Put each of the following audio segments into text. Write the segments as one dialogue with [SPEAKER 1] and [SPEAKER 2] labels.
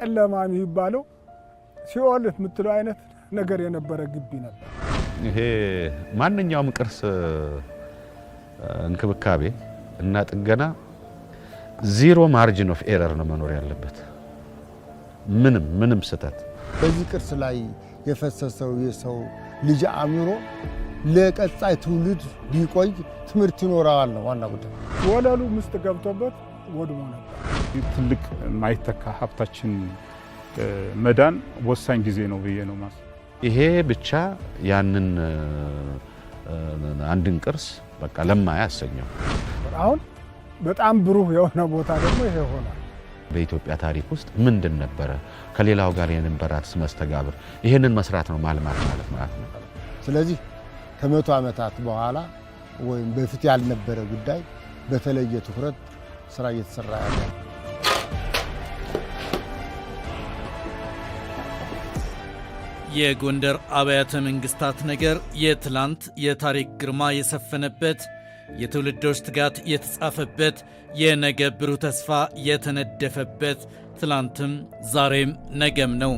[SPEAKER 1] ጨለማ የሚባለው ሲኦል የምትለው አይነት ነገር የነበረ ግቢ ነበር።
[SPEAKER 2] ይሄ ማንኛውም ቅርስ እንክብካቤ እና ጥገና ዚሮ ማርጅን ኦፍ ኤረር ነው መኖር ያለበት። ምንም ምንም ስህተት
[SPEAKER 1] በዚህ ቅርስ ላይ የፈሰሰው የሰው ልጅ አእምሮ ለቀጣይ ትውልድ ሊቆይ ትምህርት ይኖረዋል ነው ዋና ጉዳይ። ወለሉ ምስጥ ገብቶበት ወድሞ ነበር።
[SPEAKER 2] ትልቅ ማይተካ ሀብታችን መዳን ወሳኝ ጊዜ ነው ብዬ ነው ማስ ይሄ ብቻ ያንን አንድን ቅርስ በቃ ለማ ያሰኘው
[SPEAKER 1] አሁን በጣም ብሩህ የሆነ ቦታ ደግሞ ይሄ ሆኗል።
[SPEAKER 2] በኢትዮጵያ ታሪክ ውስጥ ምንድን ነበረ ከሌላው ጋር የነበራት መስተጋብር ይህንን መስራት ነው ማልማት ማለት ማለት ነው።
[SPEAKER 1] ስለዚህ ከመቶ ዓመታት በኋላ ወይም በፊት ያልነበረ ጉዳይ በተለየ ትኩረት ስራ እየተሰራ ያለ
[SPEAKER 3] የጎንደር አብያተ መንግሥታት ነገር የትላንት የታሪክ ግርማ የሰፈነበት የትውልዶች ትጋት የተጻፈበት የነገ ብሩህ ተስፋ የተነደፈበት ትላንትም ዛሬም ነገም ነው።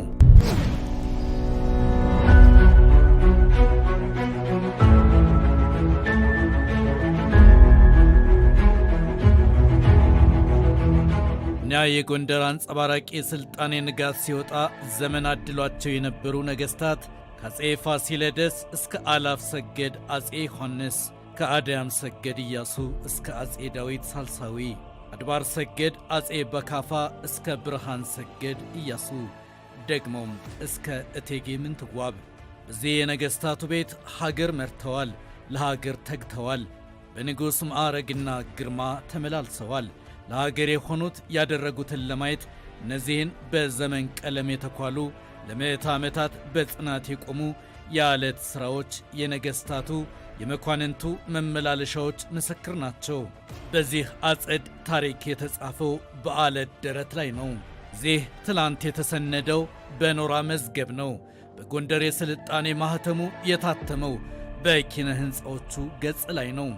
[SPEAKER 3] እኛ የጎንደር አንጸባራቂ ሥልጣኔ ንጋት ሲወጣ ዘመን አድሏቸው የነበሩ ነገሥታት ከአጼ ፋሲለደስ እስከ አላፍ ሰገድ አጼ ዮሐንስ፣ ከአዳያም ሰገድ ኢያሱ እስከ አጼ ዳዊት ሳልሳዊ፣ አድባር ሰገድ አጼ በካፋ እስከ ብርሃን ሰገድ ኢያሱ፣ ደግሞም እስከ እቴጌ ምንትዋብ በዚህ የነገሥታቱ ቤት ሀገር መርተዋል፣ ለሀገር ተግተዋል፣ በንጉሥ ማዕረግና ግርማ ተመላልሰዋል። ለሀገር የሆኑት ያደረጉትን ለማየት እነዚህን በዘመን ቀለም የተኳሉ ለምዕተ ዓመታት በጽናት የቆሙ የአለት ሥራዎች የነገሥታቱ የመኳንንቱ መመላለሻዎች ምስክር ናቸው። በዚህ አጸድ ታሪክ የተጻፈው በአለት ደረት ላይ ነው። ዚህ ትላንት የተሰነደው በኖራ መዝገብ ነው። በጎንደር የሥልጣኔ ማኅተሙ የታተመው በኪነ ሕንፃዎቹ ገጽ ላይ ነው።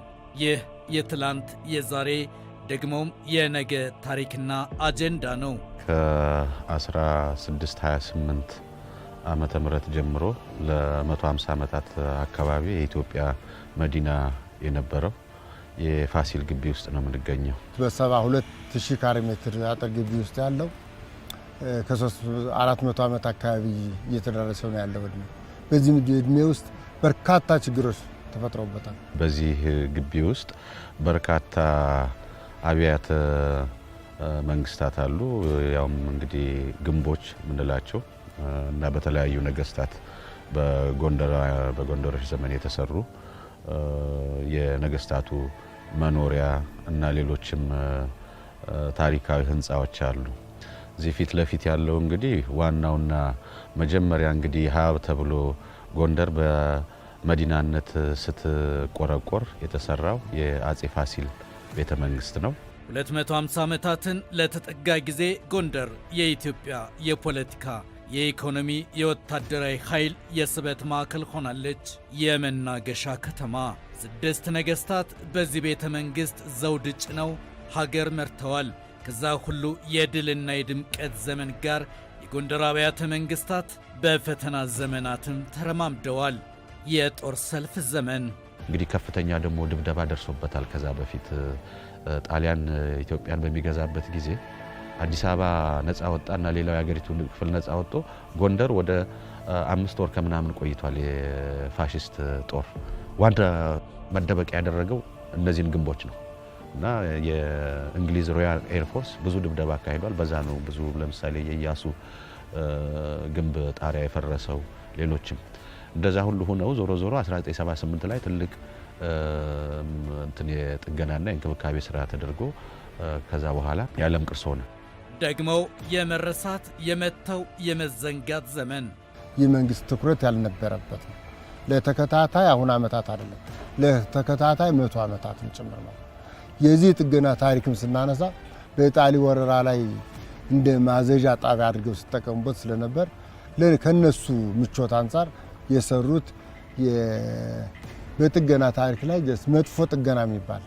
[SPEAKER 3] ይህ የትላንት የዛሬ ደግሞም የነገ ታሪክና አጀንዳ ነው።
[SPEAKER 2] ከ1628 ዓመተ ምህረት ጀምሮ ለ150 ዓመታት አካባቢ የኢትዮጵያ መዲና የነበረው የፋሲል ግቢ ውስጥ ነው የምንገኘው።
[SPEAKER 1] በ72 ሺህ ካሬ ሜትር አጥር ግቢ ውስጥ ያለው ከ400 ዓመት አካባቢ እየተደረሰው ነው ያለው እድሜ። በዚህ እድሜ ውስጥ በርካታ ችግሮች ተፈጥረውበታል።
[SPEAKER 2] በዚህ ግቢ ውስጥ በርካታ አብያተ መንግስታት አሉ። ያውም እንግዲህ ግንቦች የምንላቸው እና በተለያዩ ነገስታት በጎንደሮች ዘመን የተሰሩ የነገስታቱ መኖሪያ እና ሌሎችም ታሪካዊ ህንፃዎች አሉ። እዚህ ፊት ለፊት ያለው እንግዲህ ዋናውና መጀመሪያ እንግዲህ ሀብ ተብሎ ጎንደር በመዲናነት ስትቆረቆር የተሰራው የአጼ ፋሲል ቤተ መንግሥት ነው።
[SPEAKER 3] 250 ዓመታትን ለተጠጋ ጊዜ ጎንደር የኢትዮጵያ የፖለቲካ የኢኮኖሚ፣ የወታደራዊ ኃይል የስበት ማዕከል ሆናለች። የመናገሻ ከተማ። ስድስት ነገሥታት በዚህ ቤተ መንግሥት ዘውድ ጭነው ሀገር መርተዋል። ከዛ ሁሉ የድልና የድምቀት ዘመን ጋር የጎንደር አብያተ መንግሥታት በፈተና ዘመናትም ተረማምደዋል። የጦር ሰልፍ ዘመን
[SPEAKER 2] እንግዲህ ከፍተኛ ደግሞ ድብደባ ደርሶበታል። ከዛ በፊት ጣሊያን ኢትዮጵያን በሚገዛበት ጊዜ አዲስ አበባ ነፃ ወጣና ሌላው የሀገሪቱ ክፍል ነፃ ወጥቶ ጎንደር ወደ አምስት ወር ከምናምን ቆይቷል። የፋሽስት ጦር ዋና መደበቂያ ያደረገው እነዚህን ግንቦች ነው እና የእንግሊዝ ሮያል ኤርፎርስ ብዙ ድብደባ አካሂዷል። በዛ ነው ብዙ ለምሳሌ የኢያሱ ግንብ ጣሪያ የፈረሰው ሌሎችም እንደዛ ሁሉ ሆነው ዞሮ ዞሮ 1978 ላይ ትልቅ እንትን የጥገናና የእንክብካቤ ስራ ተደርጎ ከዛ በኋላ የዓለም ቅርስ ሆነ።
[SPEAKER 3] ደግሞ የመረሳት የመተው የመዘንጋት ዘመን
[SPEAKER 1] የመንግስት ትኩረት ያልነበረበት ነው። ለተከታታይ አሁን ዓመታት አይደለም ለተከታታይ መቶ ዓመታትም ጭምር ነው። የዚህ ጥገና ታሪክም ስናነሳ በኢጣሊ ወረራ ላይ እንደ ማዘዣ ጣቢያ አድርገው ሲጠቀሙበት ስለነበር ከነሱ ምቾት አንጻር የሰሩት በጥገና ታሪክ ላይ መጥፎ ጥገና የሚባል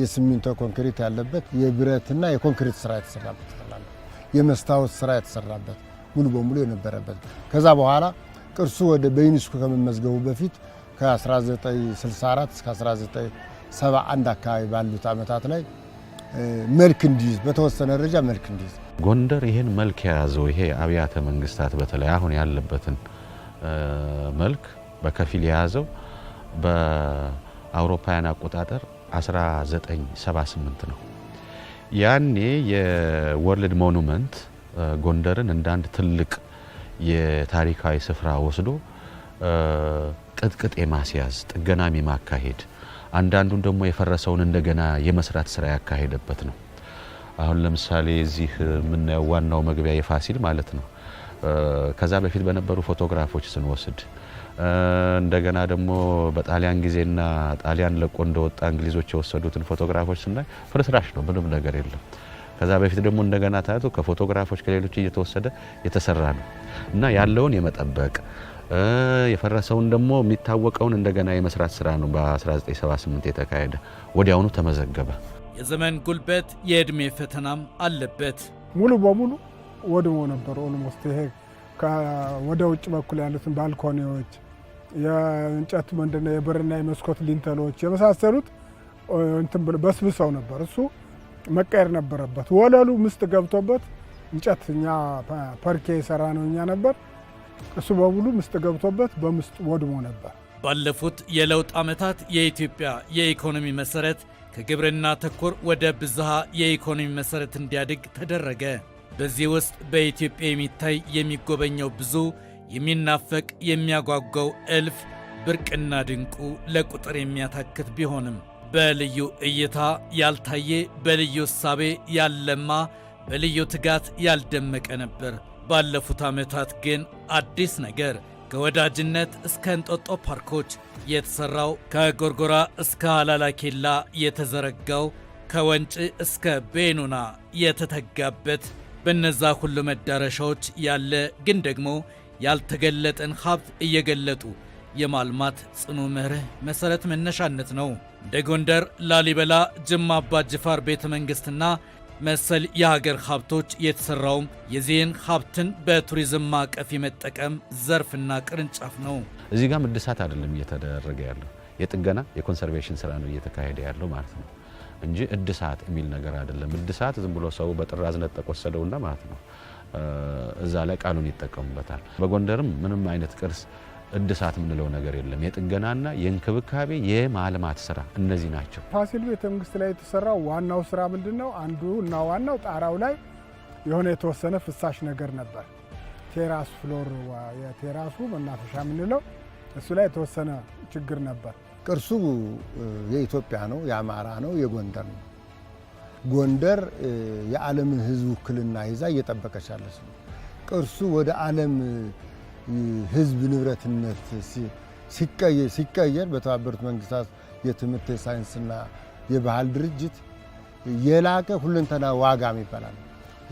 [SPEAKER 1] የሲሚንቶ ኮንክሪት ያለበት የብረትና የኮንክሪት ስራ የተሰራበት የመስታወት ስራ የተሰራበት ሙሉ በሙሉ የነበረበት ከዛ በኋላ ቅርሱ ወደ በዩኒስኮ ከመመዝገቡ በፊት ከ1964 እስከ 1971 አካባቢ ባሉት ዓመታት ላይ መልክ እንዲይዝ በተወሰነ ደረጃ መልክ እንዲይዝ
[SPEAKER 2] ጎንደር ይህን መልክ የያዘው ይሄ አብያተ መንግስታት በተለይ አሁን ያለበትን መልክ በከፊል የያዘው በአውሮፓውያን አቆጣጠር 1978 ነው። ያኔ የወርልድ ሞኑመንት ጎንደርን እንደ አንድ ትልቅ የታሪካዊ ስፍራ ወስዶ ቅጥቅጥ የማስያዝ ጥገናም የማካሄድ አንዳንዱን ደግሞ የፈረሰውን እንደገና የመስራት ስራ ያካሄደበት ነው። አሁን ለምሳሌ እዚህ የምናየው ዋናው መግቢያ የፋሲል ማለት ነው። ከዛ በፊት በነበሩ ፎቶግራፎች ስንወስድ እንደገና ደግሞ በጣሊያን ጊዜና ጣሊያን ለቆ እንደወጣ እንግሊዞች የወሰዱትን ፎቶግራፎች ስናይ ፍርስራሽ ነው፣ ምንም ነገር የለም። ከዛ በፊት ደግሞ እንደገና ታያቱ ከፎቶግራፎች ከሌሎች እየተወሰደ የተሰራ ነው እና ያለውን የመጠበቅ የፈረሰውን ደግሞ የሚታወቀውን እንደገና የመስራት ስራ ነው በ1978 የተካሄደ። ወዲያውኑ ተመዘገበ።
[SPEAKER 3] የዘመን ጉልበት የዕድሜ ፈተናም አለበት
[SPEAKER 1] ሙሉ በሙሉ ወድሞ ነበር። ኦልሞስት ይሄ ወደ ውጭ በኩል ያሉትን ባልኮኒዎች፣ የእንጨት ምንድነው የብርና የመስኮት ሊንተሎች የመሳሰሉት በስብሰው ነበር። እሱ መቀየር ነበረበት። ወለሉ ምስጥ ገብቶበት እንጨት እኛ ፐርኬ የሰራ ነው እኛ ነበር። እሱ በሙሉ ምስጥ ገብቶበት በምስጥ ወድሞ ነበር።
[SPEAKER 3] ባለፉት የለውጥ ዓመታት የኢትዮጵያ የኢኮኖሚ መሰረት ከግብርና ተኮር ወደ ብዝሃ የኢኮኖሚ መሰረት እንዲያድግ ተደረገ። በዚህ ውስጥ በኢትዮጵያ የሚታይ የሚጎበኘው ብዙ የሚናፈቅ የሚያጓጓው እልፍ ብርቅና ድንቁ ለቁጥር የሚያታክት ቢሆንም በልዩ እይታ ያልታየ በልዩ እሳቤ ያለማ በልዩ ትጋት ያልደመቀ ነበር። ባለፉት ዓመታት ግን አዲስ ነገር ከወዳጅነት እስከ እንጦጦ ፓርኮች የተሠራው ከጎርጎራ እስከ አላላኬላ የተዘረጋው ከወንጭ እስከ ቤኑና የተተጋበት በነዛ ሁሉ መዳረሻዎች ያለ ግን ደግሞ ያልተገለጠን ሀብት እየገለጡ የማልማት ጽኑ መርህ መሠረት መነሻነት ነው። እንደ ጎንደር፣ ላሊበላ፣ ጅማ አባጅፋር ቤተ መንግሥትና መሰል የሀገር ሀብቶች የተሠራውም የዚህን ሀብትን በቱሪዝም ማዕቀፍ የመጠቀም ዘርፍና ቅርንጫፍ ነው።
[SPEAKER 2] እዚህ ጋር እድሳት አይደለም እየተደረገ ያለው የጥገና የኮንሰርቬሽን ስራ ነው እየተካሄደ ያለው ማለት ነው። እንጂ እድሳት የሚል ነገር አይደለም። እድሳት ዝም ብሎ ሰው በጥራዝ ነጠቅ ወሰደውና ማለት ነው እዛ ላይ ቃሉን ይጠቀሙበታል። በጎንደርም ምንም አይነት ቅርስ እድሳት የምንለው ነገር የለም። የጥገናና የእንክብካቤ የማልማት ስራ እነዚህ ናቸው።
[SPEAKER 1] ፋሲል ቤተ መንግስት ላይ የተሰራው ዋናው ስራ ምንድን ነው? አንዱ እና ዋናው ጣራው ላይ የሆነ የተወሰነ ፍሳሽ ነገር ነበር። ቴራስ ፍሎር የቴራሱ መናፈሻ የምንለው እሱ ላይ የተወሰነ ችግር ነበር። ቅርሱ የኢትዮጵያ ነው፣ የአማራ ነው፣ የጎንደር ነው። ጎንደር የዓለምን ሕዝብ ውክልና ይዛ እየጠበቀች ያለች ነው። ቅርሱ ወደ ዓለም ሕዝብ ንብረትነት ሲቀየር በተባበሩት መንግስታት የትምህርት የሳይንስና የባህል ድርጅት የላቀ ሁለንተና ዋጋ ይባላል።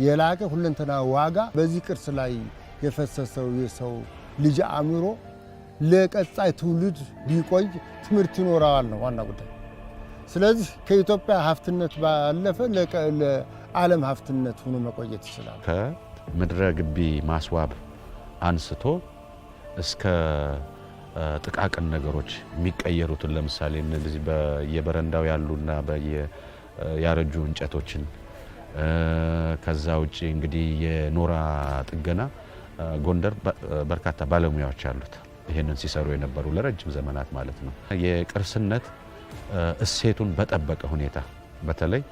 [SPEAKER 1] የላቀ ሁለንተና ዋጋ በዚህ ቅርስ ላይ የፈሰሰው የሰው ልጅ አእምሮ ለቀጣይ ትውልድ ሊቆይ ትምህርት ይኖረዋል ነው ዋና ጉዳይ። ስለዚህ ከኢትዮጵያ ሀብትነት ባለፈ ለዓለም ሀብትነት ሆኖ መቆየት ይችላል።
[SPEAKER 2] ከምድረ ግቢ ማስዋብ አንስቶ እስከ ጥቃቅን ነገሮች የሚቀየሩትን ለምሳሌ እነዚህ በየበረንዳው ያሉና ያረጁ እንጨቶችን ከዛ ውጭ እንግዲህ የኖራ ጥገና ጎንደር በርካታ ባለሙያዎች አሉት። ይህንን ሲሰሩ የነበሩ ለረጅም ዘመናት ማለት ነው። የቅርስነት እሴቱን በጠበቀ ሁኔታ በተለይ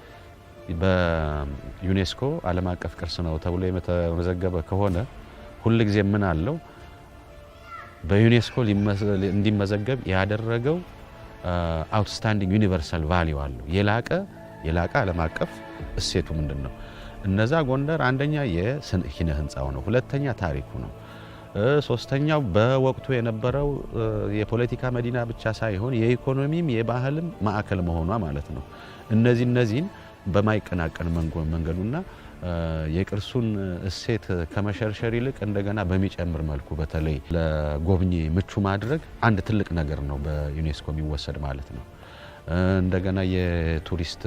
[SPEAKER 2] በዩኔስኮ ዓለም አቀፍ ቅርስ ነው ተብሎ የተመዘገበ ከሆነ ሁልጊዜ ጊዜ ምን አለው በዩኔስኮ እንዲመዘገብ ያደረገው አውትስታንዲንግ ዩኒቨርሳል ቫሊዩ አለው። የላቀ የላቀ ዓለም አቀፍ እሴቱ ምንድን ነው? እነዛ ጎንደር አንደኛ የኪነ ህንፃው ነው፣ ሁለተኛ ታሪኩ ነው። ሶስተኛው በወቅቱ የነበረው የፖለቲካ መዲና ብቻ ሳይሆን የኢኮኖሚም የባህልም ማዕከል መሆኗ ማለት ነው። እነዚህ እነዚህን በማይቀናቀን መንገዱና የቅርሱን እሴት ከመሸርሸር ይልቅ እንደገና በሚጨምር መልኩ በተለይ ለጎብኚ ምቹ ማድረግ አንድ ትልቅ ነገር ነው፣ በዩኔስኮ የሚወሰድ ማለት ነው። እንደገና የቱሪስት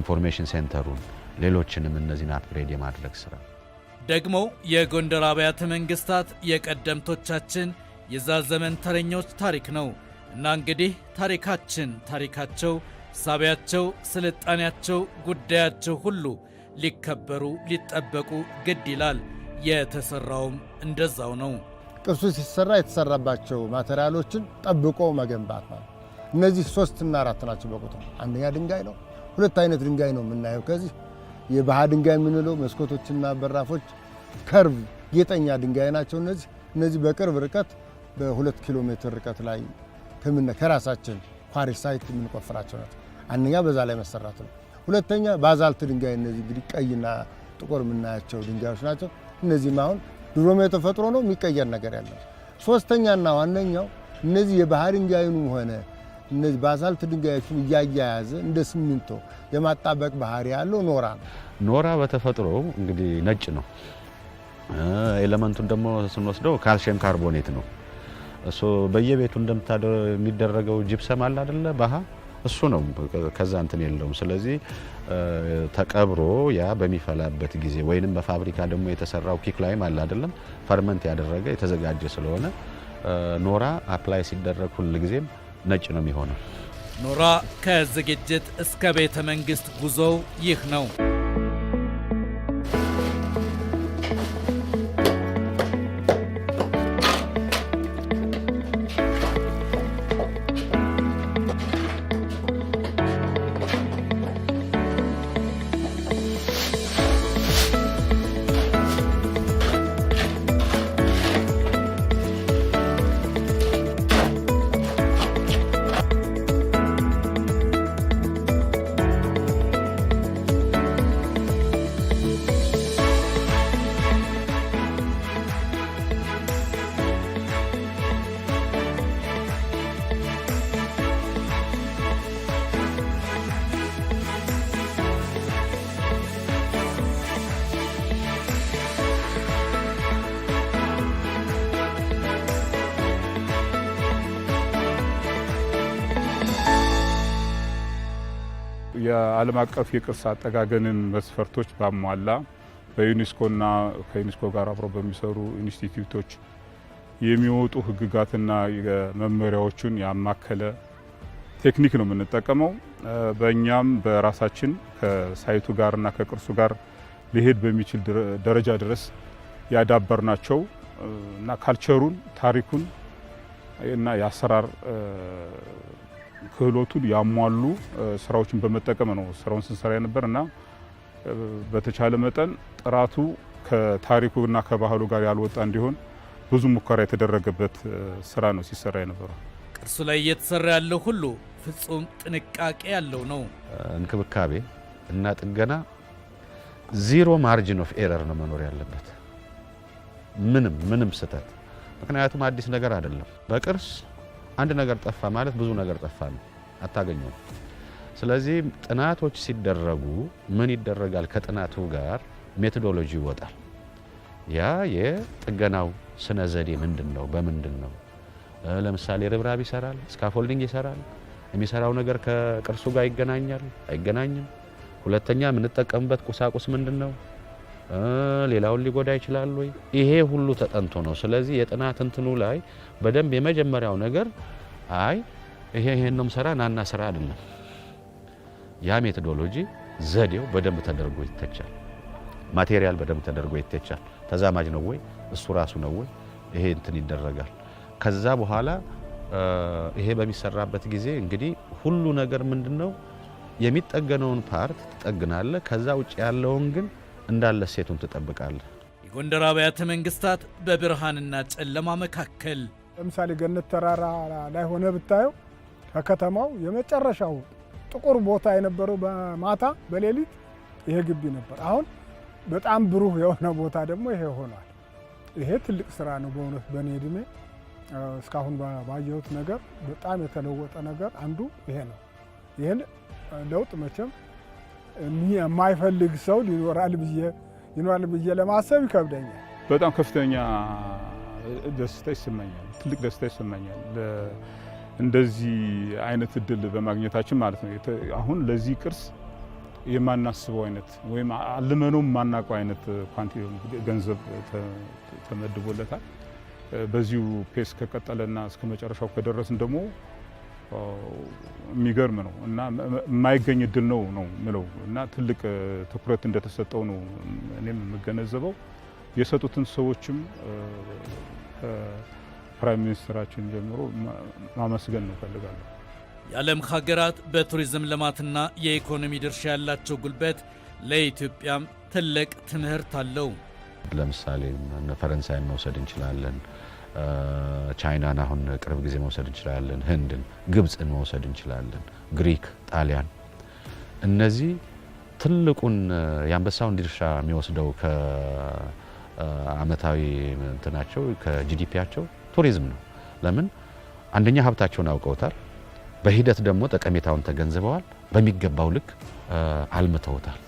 [SPEAKER 2] ኢንፎርሜሽን ሴንተሩን ሌሎችንም እነዚህን አፕግሬድ የማድረግ ስራ
[SPEAKER 3] ደግሞ የጎንደር አብያተ መንግስታት የቀደምቶቻችን የዛ ዘመን ተረኞች ታሪክ ነው እና እንግዲህ ታሪካችን፣ ታሪካቸው፣ ሳቢያቸው፣ ስልጣኔያቸው፣ ጉዳያቸው ሁሉ ሊከበሩ ሊጠበቁ ግድ ይላል። የተሰራውም እንደዛው ነው።
[SPEAKER 1] ቅርሱ ሲሰራ የተሰራባቸው ማቴሪያሎችን ጠብቆ መገንባት ማለት እነዚህ ሶስትና አራት ናቸው በቁጥር። አንደኛ ድንጋይ ነው። ሁለት አይነት ድንጋይ ነው የምናየው ከዚህ የባህ ድንጋይ የምንለው መስኮቶችና በራፎች ከርቭ ጌጠኛ ድንጋይ ናቸው። እነዚህ እነዚህ በቅርብ ርቀት በሁለት ኪሎ ሜትር ርቀት ላይ ከራሳችን ኳሪ ሳይት የምንቆፍራቸው ናቸው። አንደኛ በዛ ላይ መሰራት ነው። ሁለተኛ ባዛልት ድንጋይ እነዚህ እንግዲህ ቀይና ጥቁር የምናያቸው ድንጋዮች ናቸው። እነዚህም አሁን ድሮም የተፈጥሮ ነው የሚቀየር ነገር ያለው። ሶስተኛና ዋነኛው እነዚህ የባህር ድንጋዩንም ሆነ እነዚህ ባዛልት ድንጋዮችን እያያያዘ እንደ ሲሚንቶ የማጣበቅ ባህሪ ያለው ኖራ ነው።
[SPEAKER 2] ኖራ በተፈጥሮ እንግዲህ ነጭ ነው። ኤለመንቱን ደግሞ ስንወስደው ካልሽየም ካርቦኔት ነው። እሱ በየቤቱ የሚደረገው ጅብሰም አለ አደለ ባህ እሱ ነው። ከዛ እንትን የለውም። ስለዚህ ተቀብሮ ያ በሚፈላበት ጊዜ ወይንም በፋብሪካ ደግሞ የተሰራው ኪክ ላይም አለ አደለም? ፈርመንት ያደረገ የተዘጋጀ ስለሆነ ኖራ አፕላይ ሲደረግ ሁል ጊዜም ነጭ ነው የሚሆነው።
[SPEAKER 3] ኖራ ከዝግጅት እስከ ቤተ መንግስት ጉዞው ይህ ነው።
[SPEAKER 2] የዓለም አቀፍ የቅርስ አጠጋገንን መስፈርቶች ባሟላ በዩኔስኮና ከዩኔስኮ ጋር አብረው በሚሰሩ ኢንስቲትዩቶች የሚወጡ ህግጋትና መመሪያዎቹን ያማከለ ቴክኒክ ነው የምንጠቀመው። በእኛም በራሳችን ከሳይቱ ጋርና ከቅርሱ ጋር ሊሄድ በሚችል ደረጃ ድረስ ናቸው እና ካልቸሩን ታሪኩን እና የአሰራር ክህሎቱን ያሟሉ ስራዎችን በመጠቀም ነው ስራውን ስንሰራ የነበር እና በተቻለ መጠን ጥራቱ ከታሪኩ እና ከባህሉ ጋር ያልወጣ እንዲሆን ብዙ ሙከራ የተደረገበት ስራ ነው ሲሰራ የነበረው።
[SPEAKER 3] ቅርሱ ላይ እየተሰራ ያለው ሁሉ ፍጹም ጥንቃቄ ያለው ነው።
[SPEAKER 2] እንክብካቤ እና ጥገና ዚሮ ማርጂን ኦፍ ኤረር ነው መኖር ያለበት፣ ምንም ምንም ስህተት። ምክንያቱም አዲስ ነገር አይደለም በቅርስ አንድ ነገር ጠፋ ማለት ብዙ ነገር ጠፋ ነው፣ አታገኘውም። ስለዚህ ጥናቶች ሲደረጉ ምን ይደረጋል? ከጥናቱ ጋር ሜቶዶሎጂ ይወጣል። ያ የጥገናው ስነ ዘዴ ምንድን ነው? በምንድን ነው? ለምሳሌ ርብራብ ይሰራል፣ ስካፎልዲንግ ይሰራል። የሚሰራው ነገር ከቅርሱ ጋር ይገናኛል አይገናኝም? ሁለተኛ የምንጠቀምበት ቁሳቁስ ምንድን ነው? ሌላውን ሊጎዳ ይችላል ወይ? ይሄ ሁሉ ተጠንቶ ነው። ስለዚህ የጥናት እንትኑ ላይ በደንብ የመጀመሪያው ነገር አይ ይሄ ይሄንም ስራ ናና ስራ አይደለም። ያ ሜቶዶሎጂ ዘዴው በደንብ ተደርጎ ይተቻል። ማቴሪያል በደንብ ተደርጎ ይተቻል። ተዛማጅ ነው ወይ እሱ ራሱ ነው ወይ ይሄ እንትን ይደረጋል። ከዛ በኋላ ይሄ በሚሰራበት ጊዜ እንግዲህ ሁሉ ነገር ምንድን ነው የሚጠገነውን ፓርት ትጠግናለ። ከዛ ውጭ ያለውን ግን እንዳለ ሴቱን ትጠብቃለህ።
[SPEAKER 3] የጎንደር አብያተ መንግስታት በብርሃንና ጨለማ መካከል
[SPEAKER 1] ለምሳሌ ገነት ተራራ ላይ ሆነ ብታየው ከከተማው የመጨረሻው ጥቁር ቦታ የነበረው በማታ በሌሊት ይሄ ግቢ ነበር። አሁን በጣም ብሩህ የሆነ ቦታ ደግሞ ይሄ ሆኗል። ይሄ ትልቅ ስራ ነው በእውነት በእኔ እድሜ እስካሁን ባየሁት ነገር በጣም የተለወጠ ነገር አንዱ ይሄ ነው። ይህን ለውጥ መቼም የማይፈልግ ሰው ሊኖራል ብዬ ይኖራል ብዬ ለማሰብ ይከብደኛል።
[SPEAKER 2] በጣም ከፍተኛ ደስታ ይሰማኛል። ትልቅ ደስታ ይሰማኛል። እንደዚህ አይነት እድል በማግኘታችን ማለት ነው። አሁን ለዚህ ቅርስ የማናስበው አይነት ወይም አልመነው የማናውቀው አይነት ኳንቲ ገንዘብ ተመድቦለታል። በዚሁ ፔስ ከቀጠለና እስከ መጨረሻው ከደረስን ደግሞ የሚገርም ነው እና የማይገኝ እድል ነው ነው ምለው እና ትልቅ ትኩረት እንደተሰጠው ነው እኔም የምገነዘበው። የሰጡትን ሰዎችም ፕራይም ሚኒስትራችን ጀምሮ ማመስገን ነው እፈልጋለሁ።
[SPEAKER 3] የዓለም ሀገራት በቱሪዝም ልማትና የኢኮኖሚ ድርሻ ያላቸው ጉልበት ለኢትዮጵያም ትልቅ ትምህርት አለው።
[SPEAKER 2] ለምሳሌ ፈረንሳይን መውሰድ እንችላለን። ቻይናን አሁን ቅርብ ጊዜ መውሰድ እንችላለን። ህንድን፣ ግብፅን መውሰድ እንችላለን። ግሪክ፣ ጣሊያን እነዚህ ትልቁን የአንበሳውን ድርሻ የሚወስደው ከአመታዊ እንትናቸው ከጂዲፒያቸው ቱሪዝም ነው። ለምን አንደኛ ሀብታቸውን አውቀውታል፣ በሂደት ደግሞ ጠቀሜታውን ተገንዝበዋል፣ በሚገባው ልክ አልምተውታል።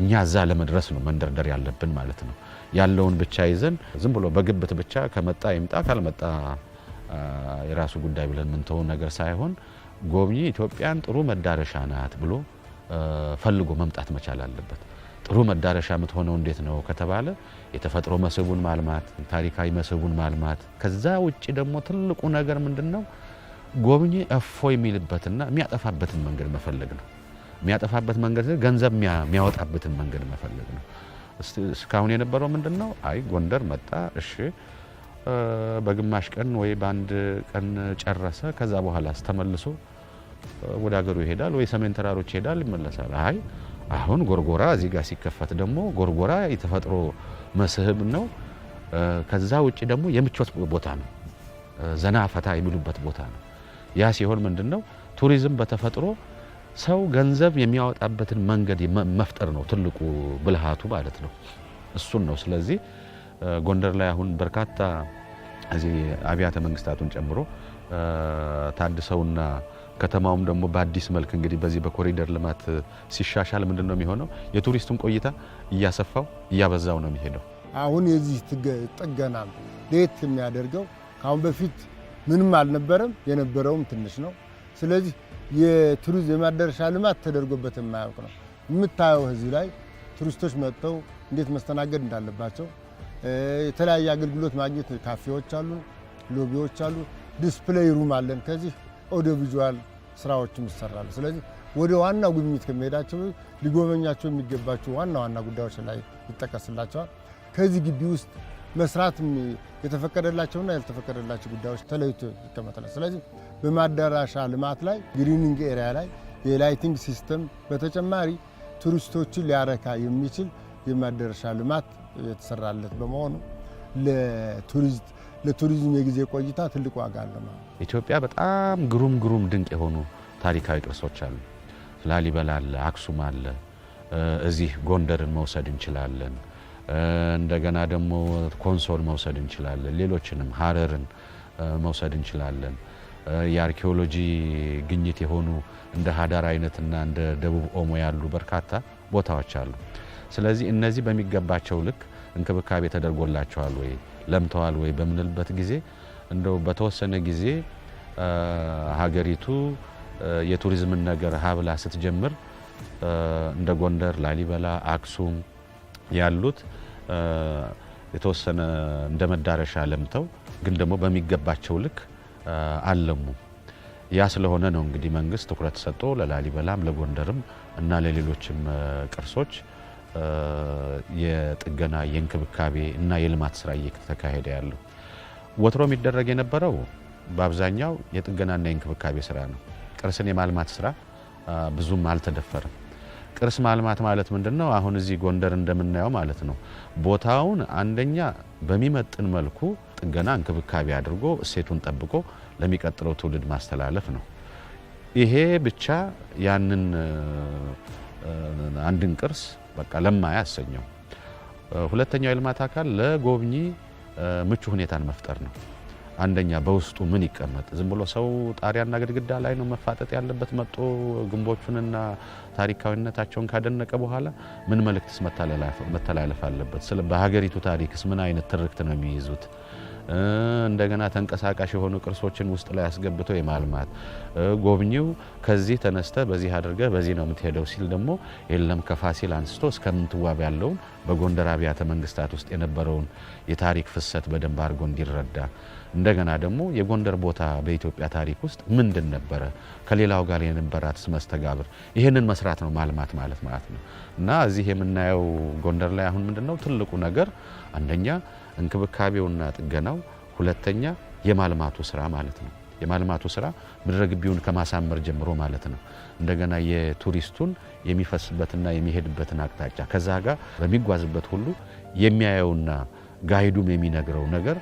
[SPEAKER 2] እኛ እዛ ለመድረስ ነው መንደርደር ያለብን ማለት ነው። ያለውን ብቻ ይዘን ዝም ብሎ በግብት ብቻ ከመጣ ይምጣ ካልመጣ የራሱ ጉዳይ ብለን ምንተው ነገር ሳይሆን ጎብኚ ኢትዮጵያን ጥሩ መዳረሻ ናት ብሎ ፈልጎ መምጣት መቻል አለበት። ጥሩ መዳረሻ የምትሆነው እንዴት ነው ከተባለ የተፈጥሮ መስህቡን ማልማት፣ ታሪካዊ መስህቡን ማልማት። ከዛ ውጭ ደግሞ ትልቁ ነገር ምንድን ነው? ጎብኚ እፎ የሚልበትና የሚያጠፋበትን መንገድ መፈለግ ነው። የሚያጠፋበት መንገድ ገንዘብ የሚያወጣበትን መንገድ መፈለግ ነው። እስካሁን የነበረው ምንድን ነው? አይ ጎንደር መጣ፣ እሺ በግማሽ ቀን ወይ በአንድ ቀን ጨረሰ። ከዛ በኋላ ተመልሶ ወደ ሀገሩ ይሄዳል ወይ ሰሜን ተራሮች ይሄዳል፣ ይመለሳል። አይ አሁን ጎርጎራ እዚህ ጋር ሲከፈት ደግሞ ጎርጎራ የተፈጥሮ መስህብ ነው። ከዛ ውጭ ደግሞ የምቾት ቦታ ነው። ዘና ፈታ የሚሉበት ቦታ ነው። ያ ሲሆን ምንድን ነው ቱሪዝም በተፈጥሮ ሰው ገንዘብ የሚያወጣበትን መንገድ መፍጠር ነው ትልቁ ብልሃቱ ማለት ነው። እሱን ነው። ስለዚህ ጎንደር ላይ አሁን በርካታ እዚህ አብያተ መንግስታቱን ጨምሮ ታድሰውና ከተማውም ደግሞ በአዲስ መልክ እንግዲህ በዚህ በኮሪደር ልማት ሲሻሻል ምንድን ነው የሚሆነው? የቱሪስቱን ቆይታ እያሰፋው እያበዛው ነው የሚሄደው።
[SPEAKER 1] አሁን የዚህ ጥገና ለየት የሚያደርገው ከአሁን በፊት ምንም አልነበረም፣ የነበረውም ትንሽ ነው። ስለዚህ የቱሪዝም የማደረሻ ልማት ተደርጎበት የማያውቅ ነው። የምታየው እዚህ ላይ ቱሪስቶች መጥተው እንዴት መስተናገድ እንዳለባቸው የተለያየ አገልግሎት ማግኘት ካፌዎች አሉ፣ ሎቢዎች አሉ፣ ዲስፕሌይ ሩም አለን። ከዚህ ኦዲዮ ቪዥዋል ስራዎችም ይሰራሉ። ስለዚህ ወደ ዋና ጉብኝት ከመሄዳቸው ሊጎበኛቸው የሚገባቸው ዋና ዋና ጉዳዮች ላይ ይጠቀስላቸዋል። ከዚህ ግቢ ውስጥ መስራት የተፈቀደላቸውና ያልተፈቀደላቸው ጉዳዮች ተለይቶ ይቀመጣል። ስለዚህ በማዳራሻ ልማት ላይ ግሪኒንግ ኤሪያ ላይ የላይቲንግ ሲስተም በተጨማሪ ቱሪስቶችን ሊያረካ የሚችል የማዳረሻ ልማት የተሰራለት በመሆኑ ለቱሪዝም የጊዜ ቆይታ ትልቅ ዋጋ አለው።
[SPEAKER 2] ኢትዮጵያ በጣም ግሩም ግሩም ድንቅ የሆኑ ታሪካዊ ቅርሶች አሉ። ላሊበላ አለ፣ አክሱም አለ። እዚህ ጎንደርን መውሰድ እንችላለን። እንደገና ደግሞ ኮንሶል መውሰድ እንችላለን። ሌሎችንም ሀረርን መውሰድ እንችላለን። የአርኪኦሎጂ ግኝት የሆኑ እንደ ሀዳር አይነትና እንደ ደቡብ ኦሞ ያሉ በርካታ ቦታዎች አሉ። ስለዚህ እነዚህ በሚገባቸው ልክ እንክብካቤ ተደርጎላቸዋል ወይ ለምተዋል ወይ በምንልበት ጊዜ እንደው በተወሰነ ጊዜ ሀገሪቱ የቱሪዝምን ነገር ሀብላ ስትጀምር እንደ ጎንደር፣ ላሊበላ፣ አክሱም ያሉት የተወሰነ እንደ መዳረሻ ለምተው ግን ደግሞ በሚገባቸው ልክ አለሙ። ያ ስለሆነ ነው እንግዲህ መንግስት ትኩረት ሰጥቶ ለላሊበላም ለጎንደርም እና ለሌሎችም ቅርሶች የጥገና የእንክብካቤ እና የልማት ስራ እየተካሄደ ያለው። ወትሮ የሚደረግ የነበረው በአብዛኛው የጥገናና የእንክብካቤ ስራ ነው። ቅርስን የማልማት ስራ ብዙም አልተደፈረም። ቅርስ ማልማት ማለት ምንድን ነው? አሁን እዚህ ጎንደር እንደምናየው ማለት ነው። ቦታውን አንደኛ በሚመጥን መልኩ ጥገና፣ እንክብካቤ አድርጎ እሴቱን ጠብቆ ለሚቀጥለው ትውልድ ማስተላለፍ ነው። ይሄ ብቻ ያንን አንድን ቅርስ በቃ ለማ ያሰኘው። ሁለተኛው የልማት አካል ለጎብኚ ምቹ ሁኔታን መፍጠር ነው። አንደኛ በውስጡ ምን ይቀመጥ? ዝም ብሎ ሰው ጣሪያና ግድግዳ ላይ ነው መፋጠጥ ያለበት። መጦ ግንቦቹንና ታሪካዊነታቸውን ካደነቀ በኋላ ምን መልእክትስ መተላለፍ አለበት? በሀገሪቱ ታሪክስ ምን አይነት ትርክት ነው የሚይዙት? እንደገና ተንቀሳቃሽ የሆኑ ቅርሶችን ውስጥ ላይ አስገብቶ የማልማት ጎብኚው ከዚህ ተነስተ በዚህ አድርገ በዚህ ነው የምትሄደው ሲል ደግሞ የለም ከፋሲል አንስቶ እስከምትዋብ ያለውን በጎንደር አብያተ መንግስታት ውስጥ የነበረውን የታሪክ ፍሰት በደንብ አድርጎ እንዲረዳ እንደገና ደግሞ የጎንደር ቦታ በኢትዮጵያ ታሪክ ውስጥ ምንድን ነበረ፣ ከሌላው ጋር የነበራት መስተጋብር፣ ይህንን መስራት ነው ማልማት ማለት ማለት ነው እና እዚህ የምናየው ጎንደር ላይ አሁን ምንድን ነው ትልቁ ነገር አንደኛ እንክብካቤውና ጥገናው፣ ሁለተኛ የማልማቱ ስራ ማለት ነው። የማልማቱ ስራ ምድረ ግቢውን ከማሳመር ጀምሮ ማለት ነው። እንደገና የቱሪስቱን የሚፈስበትና የሚሄድበትን አቅጣጫ ከዛ ጋር በሚጓዝበት ሁሉ የሚያየውና ጋይዱም የሚነግረው ነገር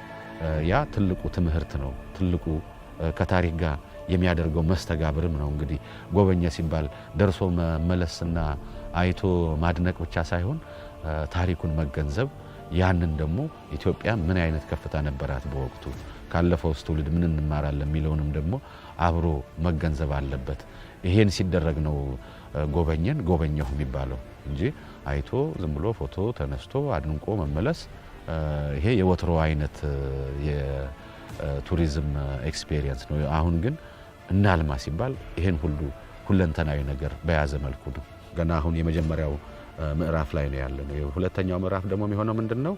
[SPEAKER 2] ያ ትልቁ ትምህርት ነው። ትልቁ ከታሪክ ጋር የሚያደርገው መስተጋብርም ነው። እንግዲህ ጎበኘ ሲባል ደርሶ መመለስና አይቶ ማድነቅ ብቻ ሳይሆን ታሪኩን መገንዘብ ያንን ደግሞ ኢትዮጵያ ምን አይነት ከፍታ ነበራት በወቅቱ ካለፈው ትውልድ ምን እንማራለን የሚለውንም ደግሞ አብሮ መገንዘብ አለበት። ይሄን ሲደረግ ነው ጎበኘን ጎበኘሁ የሚባለው እንጂ አይቶ ዝም ብሎ ፎቶ ተነስቶ አድንቆ መመለስ ይሄ የወትሮ አይነት የቱሪዝም ኤክስፔሪየንስ ነው። አሁን ግን እናልማ ሲባል ይሄን ሁሉ ሁለንተናዊ ነገር በያዘ መልኩ ነው። ገና አሁን የመጀመሪያው ምዕራፍ ላይ ነው ያለ ነው። ሁለተኛው ምዕራፍ ደግሞ የሚሆነው ምንድን ነው?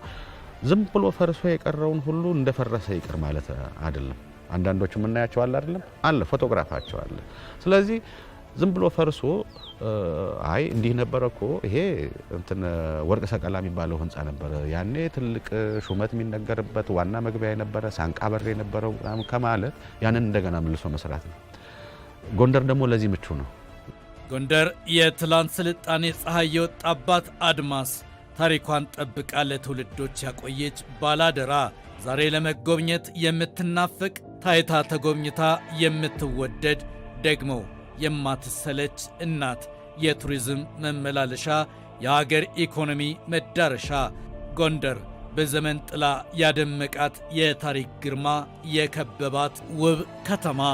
[SPEAKER 2] ዝም ብሎ ፈርሶ የቀረውን ሁሉ እንደፈረሰ ይቅር ማለት አይደለም። አንዳንዶቹ የምናያቸው አለ አይደለም አለ ፎቶግራፋቸው አለ። ስለዚህ ዝም ብሎ ፈርሶ አይ እንዲህ ነበረ እኮ ይሄ እንትን ወርቅ ሰቀላ የሚባለው ህንፃ ነበረ ያኔ ትልቅ ሹመት የሚነገርበት ዋና መግቢያ የነበረ ሳንቃ በር የነበረው ከማለት ያንን እንደገና መልሶ መስራት ነው። ጎንደር ደግሞ ለዚህ ምቹ ነው።
[SPEAKER 3] ጎንደር የትላንት ስልጣኔ ፀሐይ የወጣባት አድማስ ታሪኳን ጠብቃ ለትውልዶች ያቆየች ባላደራ ዛሬ ለመጎብኘት የምትናፍቅ ታይታ ተጎብኝታ የምትወደድ ደግሞ የማትሰለች እናት፣ የቱሪዝም መመላለሻ፣ የሀገር ኢኮኖሚ መዳረሻ ጎንደር በዘመን ጥላ ያደመቃት የታሪክ ግርማ የከበባት ውብ ከተማ